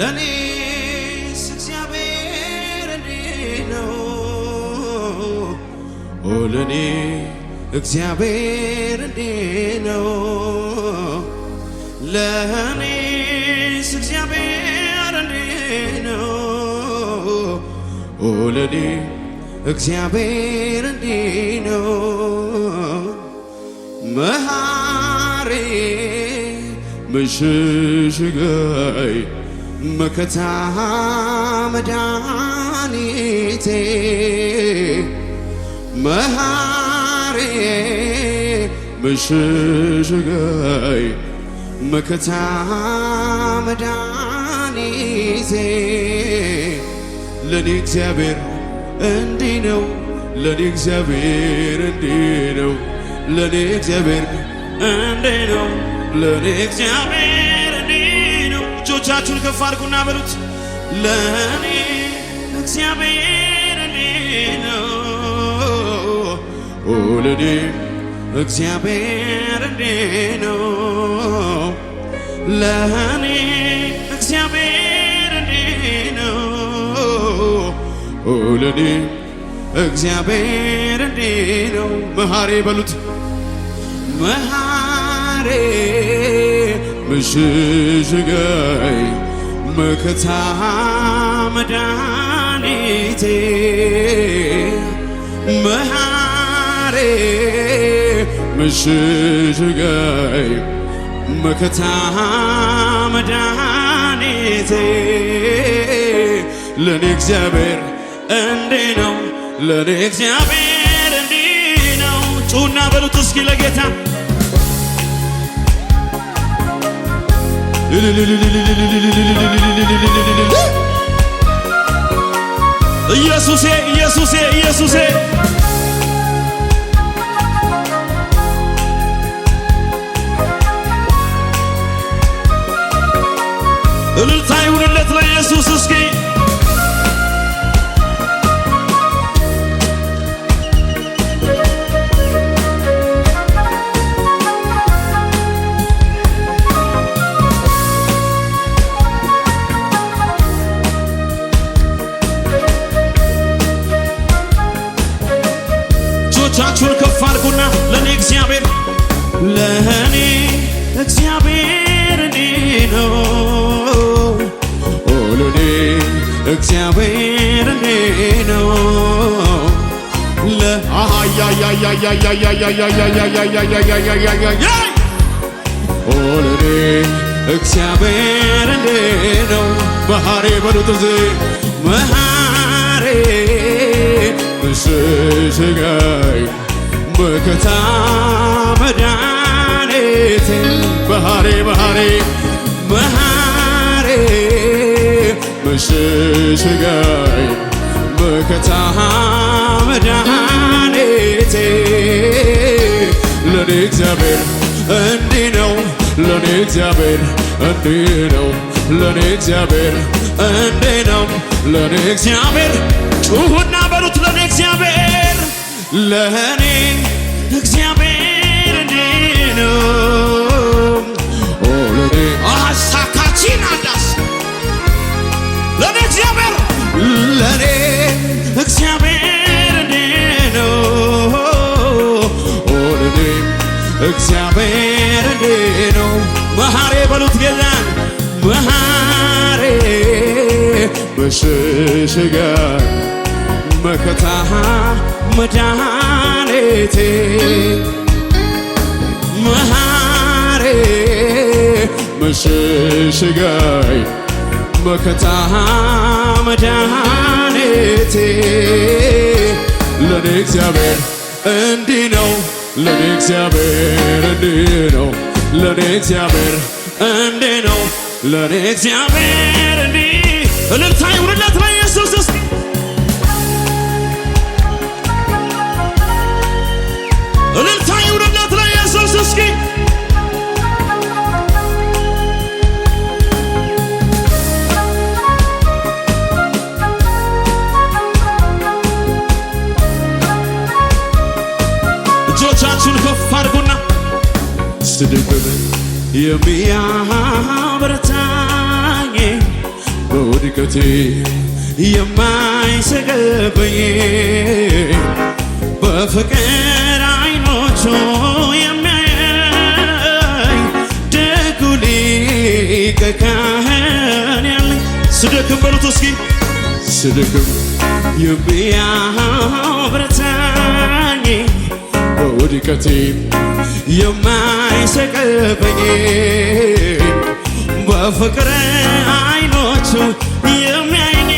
ለእኔስ እግዚአብሔር እንዲህ ነው። ኦ ለእኔ እግዚአብሔር እንዲህ ነው። ለእኔስ እግዚአብሔር እንዲህ ነው። ለኔ ለእኔ እግዚአብሔር እንዲህ ነው። መሐሪ ምሽሽጋይ መከታ መድኃኒቴ መሃሪዬ ምሽሽገይ መከታ መድኃኒቴ ለኔ እግዚአብሔር እንዲህ ነው። ለኔ እግዚአብሔር እንዲህ ነው። ለኔ እግዚአብሔር እንዲህ ነው። ለኔ እግዚአብሔር እጆቻችሁን ከፍ አድርጉና በሉት ለእኔ እግዚአብሔር እኔ ነው ለእኔ እግዚአብሔር እኔ ነው ለእኔ እግዚአብሔር እኔ ነው ለእኔ እግዚአብሔር እኔ ነው መሐሬ በሉት መሐሬ ምሽሽገይ መከታ መድኃኒቴ መሃሬ ምሽሽገይ መከታ መድኃኒቴ ለኔ እግዚአብሔር እንዲህ ነው ለኔ እግዚአብሔር እንዲህ ነው ጩና በሉት እስኪ ለጌታ ኢየሱሴ ኢየሱሴ ኢየሱሴ እልልታ ይሁንለት ለኢየሱስ እስኪ ለእኔ እግዚአብሔር እኔ ነው ለእኔ እግዚአብሔር እኔ ነው ለእኔ እግዚአብሔር እኔ ነው መሐሬ በሉት ዜ መሐሬ ብስስጋይ በከታመድ ቤቴ ባህሬ መሐሬ መሐሬ መሸሸጊያዬ መከታህ መድኃኒቴ ለኔ እግዚአብሔር እንዲህ ነው ለኔ እግዚአብሔር እንዲህ ነው ለኔ እግዚአብሔር እንዲህ ነው ለኔ እግዚአብሔር ጩሁና በሉት ለኔ እግዚአብሔር ለኔ እግዚአብሔር እንዲህ ነው በሉት ጌታን መሐሪ መሸሸጋ መከታ መድኃኒቴ መሐሪ መሸሸጋይ መከታ መድኃኒቴ ለኔ እግዚአብሔር እንዲህ ነው ለኔ እግዚአብሔር እንዲህ ነው ለኔ እግዚአብሔር እንዴ ነው ለኔ እግዚአብሔር እንዲ እልልታ ይሁንለት ለኢየሱስ እስኪ እልልታ ይሁንለት ለኢየሱስ እስኪ እጆቻችሁን ከፍ አድርጉና ስድብ የሚያበረታኝ በውድቀቴ የማይሰገብኝ በፍቅር አይኖቹ የሚያየኝ ደጉ ሊቀ ካህን ያለኝ ስደክም በሉት እስኪ ስደክም የሚያበረታኝ ውድቀቴ የማይሰቀፈኝ በፍቅር አይኖቹ የሚያይኝ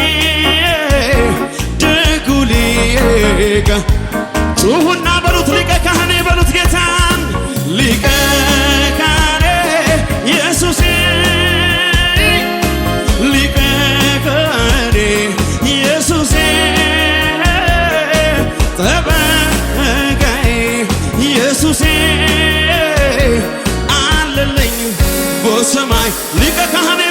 ደጉ ሊቀ ጩሁና በሉት ሊቀ ካህኔ በሉት ጌታን ሊቀ life. Liga carrana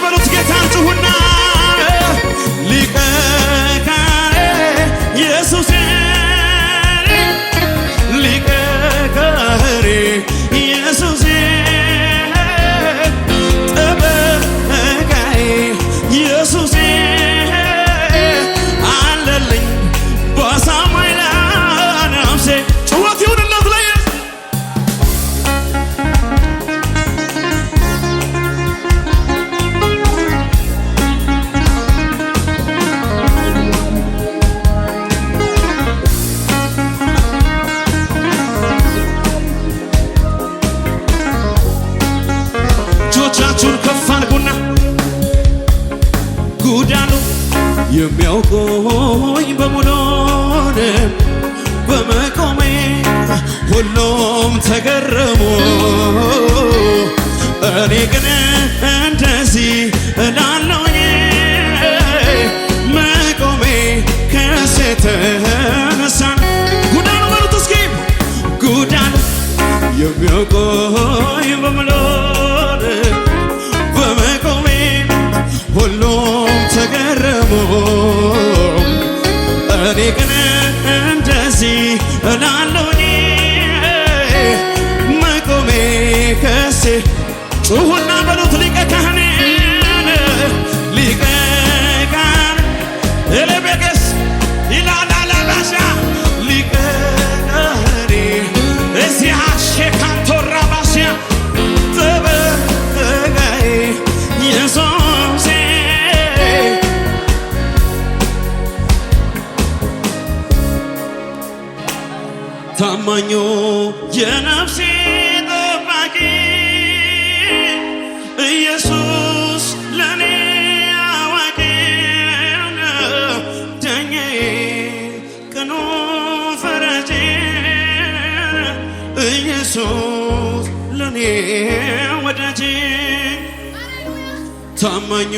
ታማኙ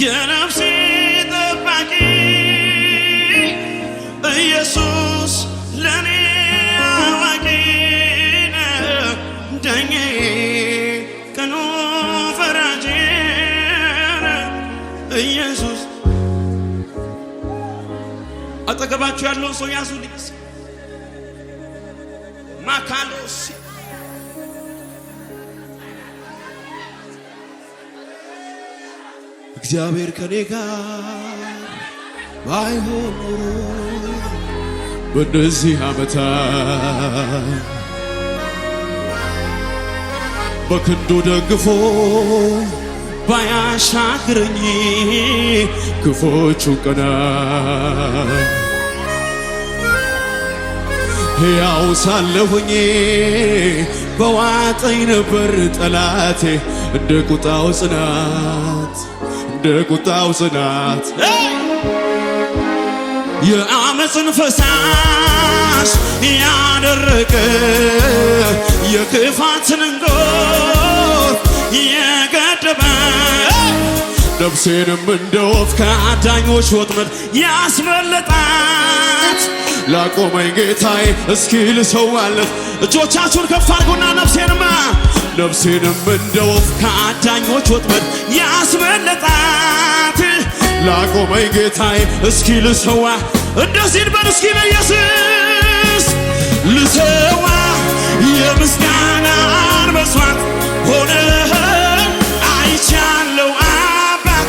የነፍሴ ጠባቂ ኢየሱስ ለኔ አዋቂ ዳኛዬ ቀኑ ፈራጄ ኢየሱስ አጠገባችሁ ያለውን ሰው ያዙልኝ። እግዚአብሔር ከኔ ጋር ባይሆን ኖሮ በእነዚህ ዓመታት በክንዱ ደግፎ ባያሻግረኝ ክፎቹ ቀናት ሕያው ሳለሁኝ በዋጠኝ ነበር ጠላቴ እንደ ቁጣው ጽናት እንደ ቁጣው ጽናት የአመፅን ፈሳሽ ያደረቀ የክፋትን እንጎት የገደበ ነፍሴንም እንደ ወፍ ከአዳኞች ወጥመድ ያስመለጣት ላቆመኝ ጌታዬ እስኪ ልሰዋለት እጆቻችሁን ከፍ አድርጉና ነፍሴንማ ነፍሴንም እንደ ወፍ ከአዳኞች ወጥመድ ያስበለጣት ላቆመኝ ጌታዬ እስኪ ልሰዋ እስኪ በኢየሱስ ልሰዋ የምስጋናን መስዋዕት ሆነ አይቻለው አባት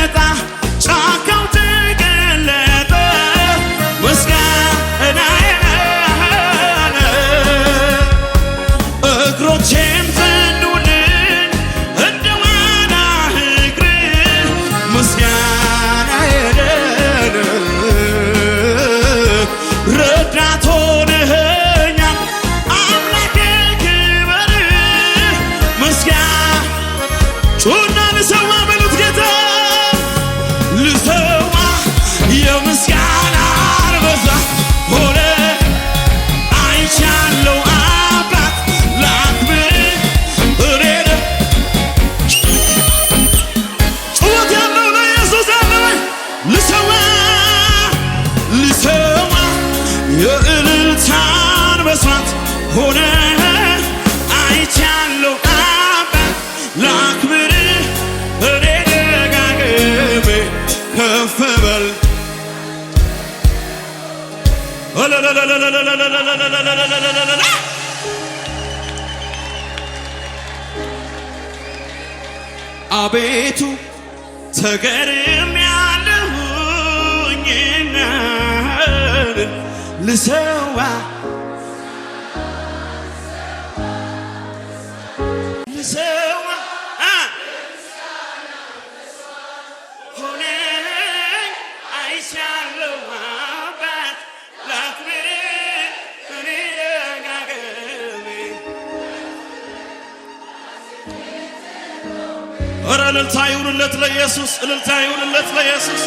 ሆነ አይቻለሁ አባት ላክብር እኔ ደጋግሜ ከፍ በል አቤቱ ተገርሜያለሁኝና ልሰዋ እረ እልልታ ይሁንለት ለኢየሱስ፣ እልልታ ይሁንለት ለኢየሱስ።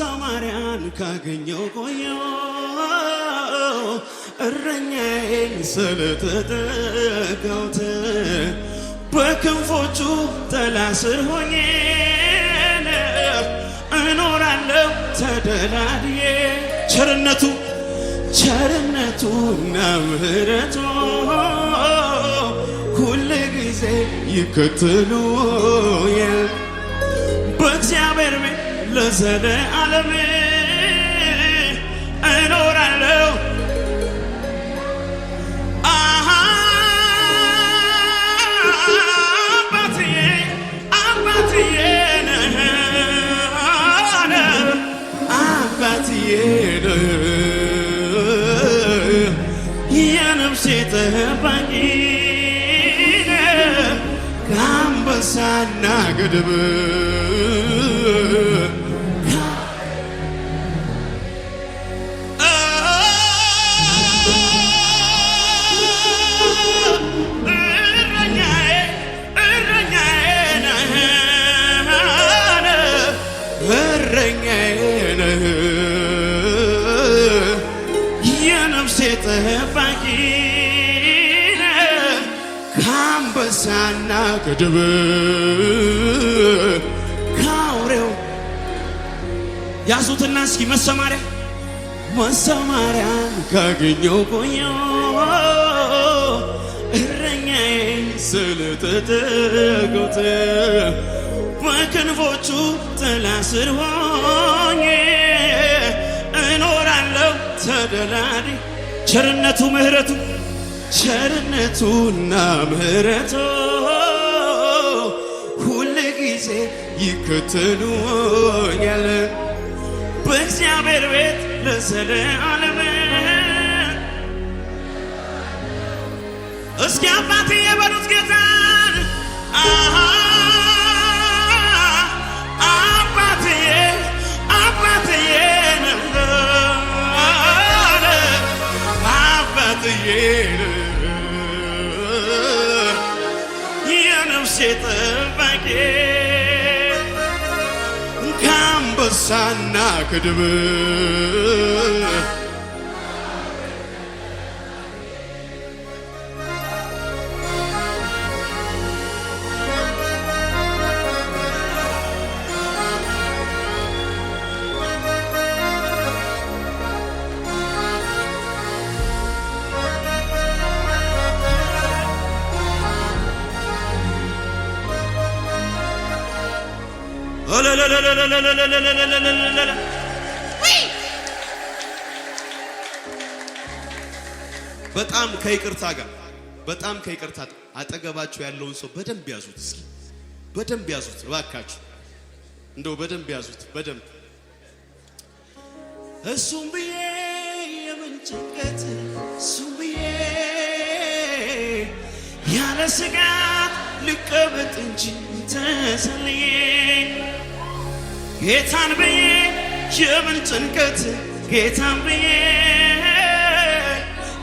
ሰማርያን ካገኘው ቆየው እረኛዬን ስለተጠጋውት በክንፎቹ ጥላ ስር ሆኜ እኖራለሁ ተደላድዬ ቸርነቱ እና ምሕረቱ ሁል ጊዜ ይከተሉ በዘለዓለም እኖራለሁ። አባትዬ ከአንበሳና ከድብ ከአውሬው ያዙትና እስኪ መሰማሪያ መሰማሪያ ካገኘው ቆየው እረኛዬ ስለተጠጉት በክንፎቹ ጥላ ስር ሆኜ እኖራለሁ ተደላሪ ቸርነቱ ምህረቱ ቸርነቱና ምህረቱ ይከተሉኛል በእግዚአብሔር ቤት ለዘለዓለም። እስኪ የበሉት ጌታን የነፍሴ ካሳና ክድብ በጣም ከይቅርታ ጋር በጣም ከይቅርታ አጠገባችሁ ያለውን ሰው በደንብ ያዙት። እስኪ በደንብ ያዙት እባካችሁ፣ እንደው በደንብ ያዙት በደንብ እሱም ብዬ የምን ጭንቀት እሱም ብዬ ያለ ስጋት ልቀበጥ እንጂ ተሰልዬ ጌታን ብዬ የምን ጭንቀት ጌታን ብዬ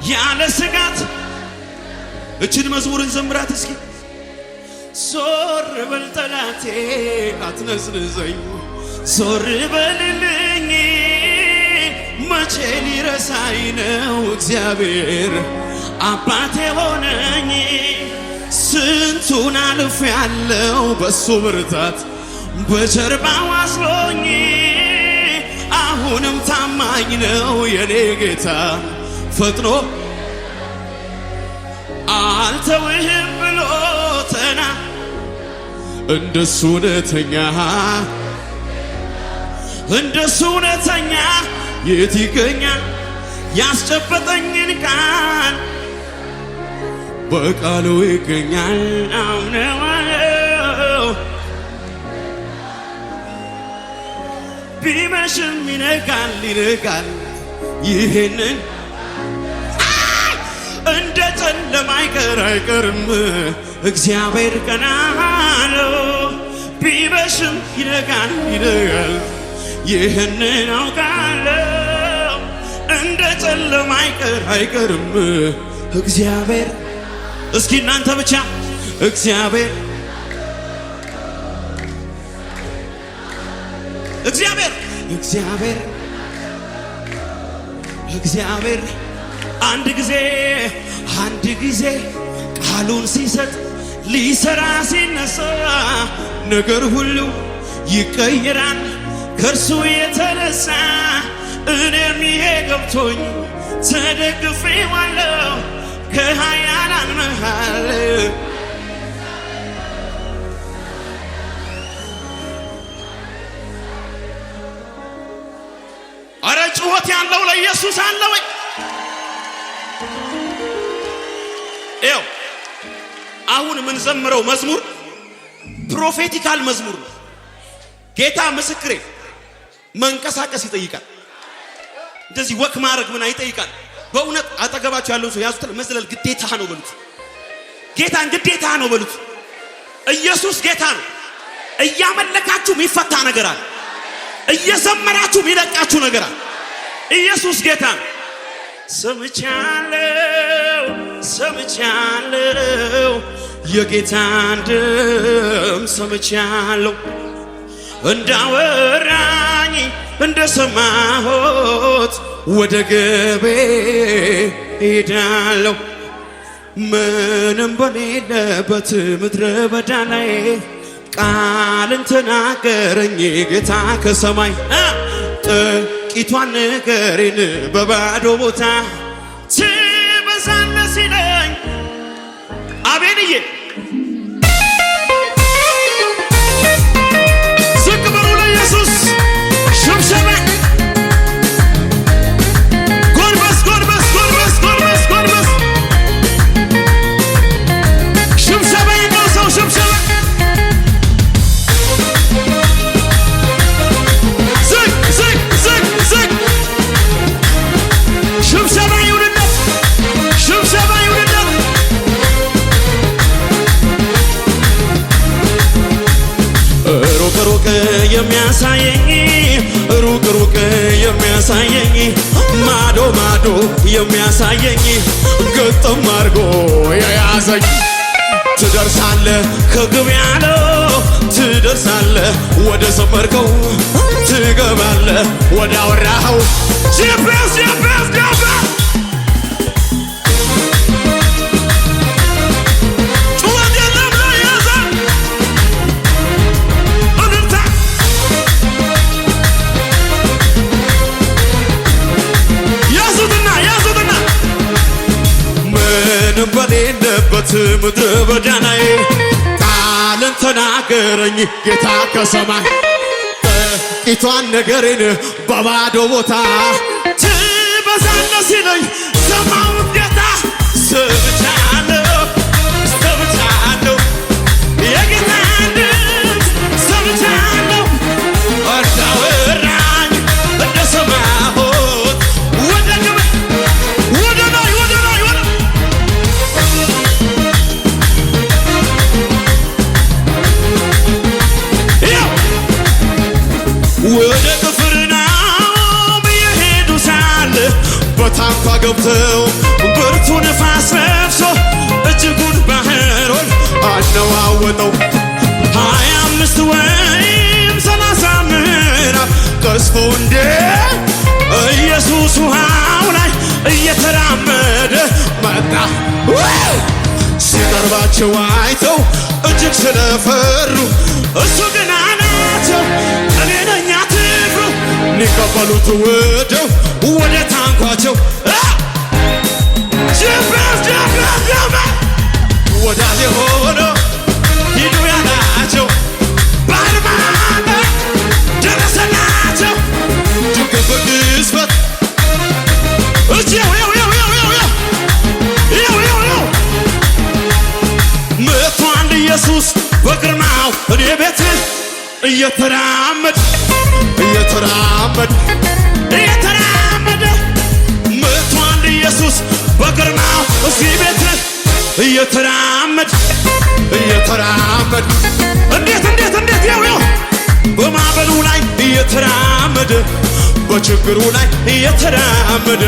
ያለ ስጋት እችን መዝሙርን ዘምራት እስኪ ዞር በል ጠላቴ አትነዝንዘኝ ዞር በልልኝ መቼ ሊረሳኝ ነው እግዚአብሔር አባቴ ሆነኝ ስንቱን አልፍ ያለው በሱ ብርታት በጀርባው አስሮኝ አሁንም ታማኝ ነው የኔ ጌታ ፈጥኖ አልተውህም ብሎ ተና እንደሱ እውነተኛ እንደሱ እውነተኛ የት ይገኛል? ያስጨበጠኝን ቃል በቃሉ ይገኛል። ቢመሽም ይነጋል ይነጋል ይህንን እንደ ጨለማ አይቀር አይቀርም እግዚአብሔር ቀና ነው። ቢመሽም ይነጋል ይነጋል ይህንን አውቃለሁ እንደ ጨለማ አይቀር አይቀርም እግዚአብሔር እስኪ እናንተ ብቻ እግዚአብሔር እግዚአብሔር እግዚአብሔር እግዚአብሔር አንድ ጊዜ አንድ ጊዜ ቃሉን ሲሰጥ ሊሰራ ሲነሳ ነገር ሁሉ ይቀየራል ከእርሱ የተነሳ እኔም ይሄ ገብቶኝ ተደግፌ ዋለው ከኃያላን መሃል ሕይወት ያለው ለኢየሱስ አለ ወይ? ይኸው አሁን የምንዘምረው መዝሙር ፕሮፌቲካል መዝሙር ነው። ጌታ ምስክሬ መንቀሳቀስ ይጠይቃል። እንደዚህ ወክ ማድረግ ምና ይጠይቃል። በእውነት አጠገባቸው ያለውን ሰው ያዙት፣ መዝለል ግዴታ ነው በሉት። ጌታን ግዴታ ነው በሉት። ኢየሱስ ጌታ ነው። እያመለካችሁ የሚፈታ ነገር አለ። እየዘመራችሁ የሚለቃችሁ ነገር አለ። ኢየሱስ ጌታ ሰምቻለው ሰምቻለው የጌታን ድምፅ ሰምቻለው እንዳወራኝ እንደሰማሁት ወደ ገቤ ሄዳለሁ ምንም በሌለበት ምድረ በዳ ላይ ቃልን ተናገረኝ ጌታ ከሰማይ ጥቂቷን ነገሬን በባዶ ቦታ ትበዛለህ ሲለኝ አቤንዬ የሚያሳየኝ ግጥም አድርጎ የያዘኝ ትደርሳለ ከግብ ያለው ትደርሳለ ወደ ሰመርከው ትገባለ ወደ ጂፒኤስ ጂፒኤስ በረከት ምድረ በዳናዬ ቃልን ተናገረኝ ጌታ ከሰማይ ጥቂቷን ነገሬን በባዶ ቦታ ትበዛለ ሲለኝ ሰማውን ጌታ ስብቻ ሲያሸተው ብርቱ ነፋስ ነፍሶ እጅጉን ባህሩን አነዋወጠው። ሀያ አምስት ወይም ሰላሳ ምዕራፍ ቀዝፎ እንደ ኢየሱስ ውሃው ላይ እየተራመደ መጣ። ሲቀርባቸው አይተው እጅግ ስለፈሩ እሱ ግን አላቸው እኔ ነኝ አትፍሩ። ሊቀበሉት ወደው ወደ ታንኳቸው ወዳጅ ሆኖ ሂዱ ያላቸው ባድማና ደረሰላቸው ችግር በቅጽበት እጅ መቷል ኢየሱስ በግርማው እኔ ቤት እየተራመድ እየተራመድ ግርማ እዚህ ቤት እየተራመድ እየተራመድ እንዴት እንዴት እንዴት የው በማዕበሉ ላይ እየተራመደ በችግሩ ላይ እየተራመደ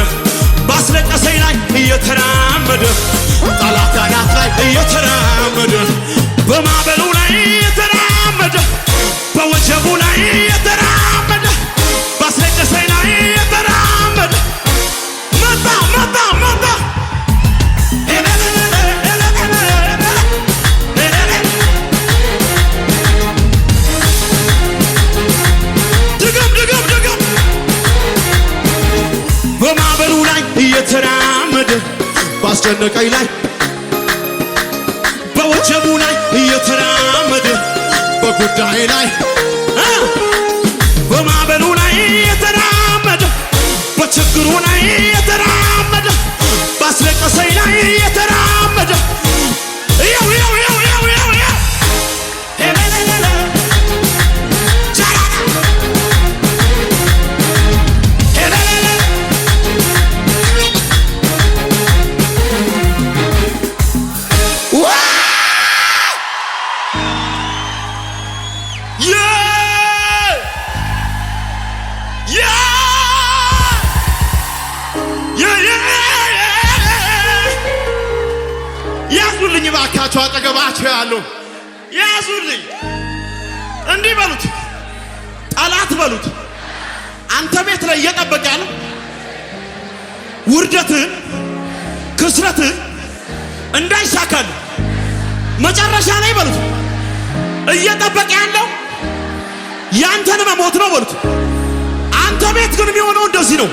ባስለቀሰኝ ላይ እየተራመደ ጠላት አናት ላይ እየተራመደ chân ở cây này ጥያቄ ያለው ያንተን መሞት ነው በሉት። አንተ ቤት ግን የሚሆነው እንደዚህ ነው።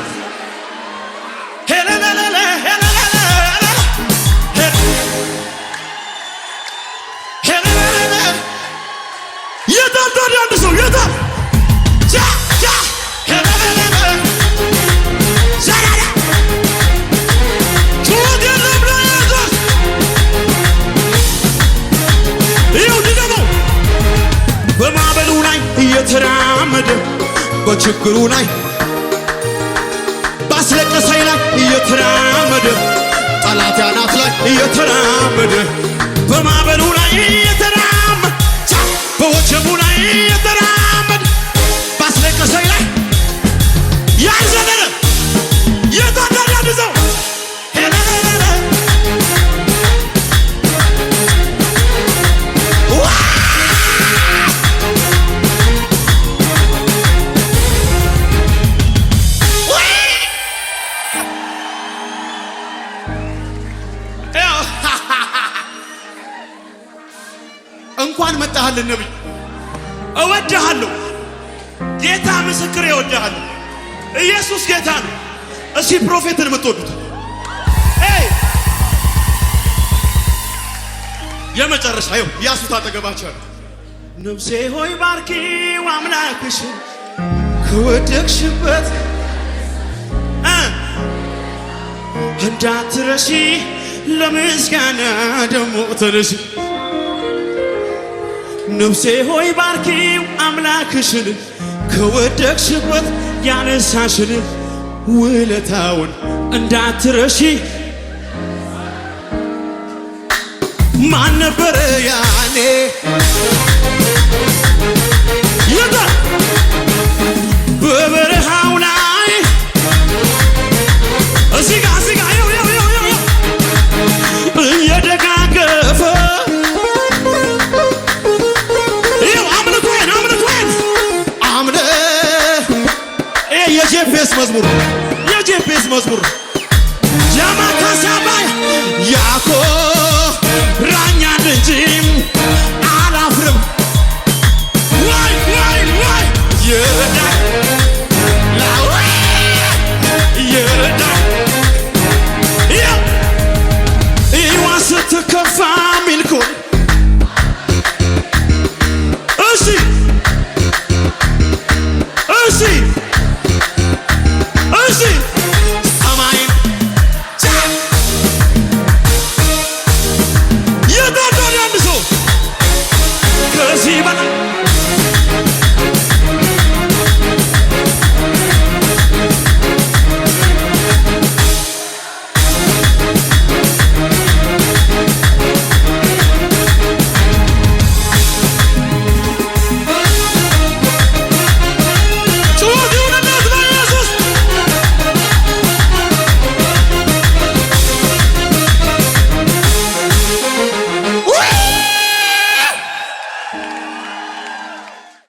እየተራመደ በችግሩ ላይ ባስለቀሰኝ ላይ እየተራመደ ጠላት ያናት ላይ እየተራመደ በማዕበሉ ላይ እየተራመደ በወጀቡ ላይ እየተራመደ ባስለቀሰኝ ላይ ያዘነ ያገባቻል። ነፍሴ ሆይ ባርኪው አምላክሽን ከወደቅሽበት እንዳትረሺ ለምስጋና ደግሞ ተነሺ። ነፍሴ ሆይ ባርኪው አምላክሽን ከወደቅሽበት ያነሳሽን ውለታውን እንዳትረሺ ማን ነበረ ያኔ የታ በበረሃው መዝሙር የጄፒኤስ መዝሙር